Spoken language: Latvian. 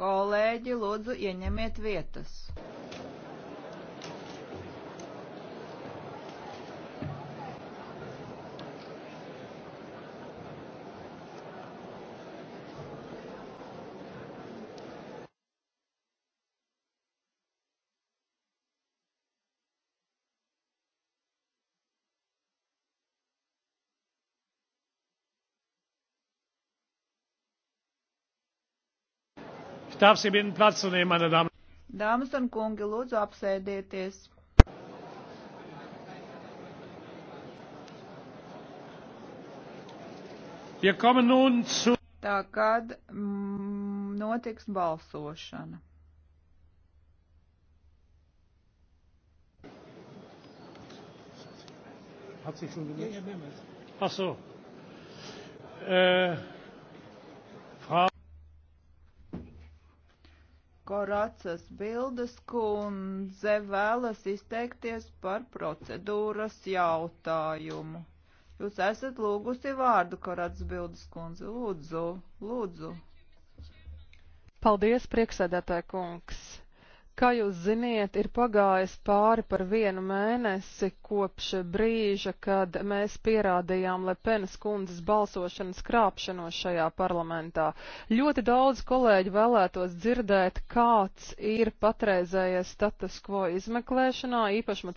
Kolēģi, lūdzu, ieņemiet vietas. darf Sie bitten, Platz zu nehmen, meine Damen. Dāmas un kungi, lūdzu apsēdieties. Wir kommen nun zu. Tā kad mm, notiks balsošana. Hat sich schon gelöst? Ja, ja, mehrmals. Ach so. Äh, Koracas bildes kundze vēlas izteikties par procedūras jautājumu. Jūs esat lūgusi vārdu, Koracas bildes kundze. Lūdzu, lūdzu. Paldies, prieksēdētāja kungs. Kā jūs ziniet, ir pagājis pāri par vienu mēnesi kopš brīža, kad mēs pierādījām Lepenas kundzes balsošanas krāpšanos šajā parlamentā. Ļoti daudz kolēģi vēlētos dzirdēt, kāds ir patreizējais status quo izmeklēšanā, īpašuma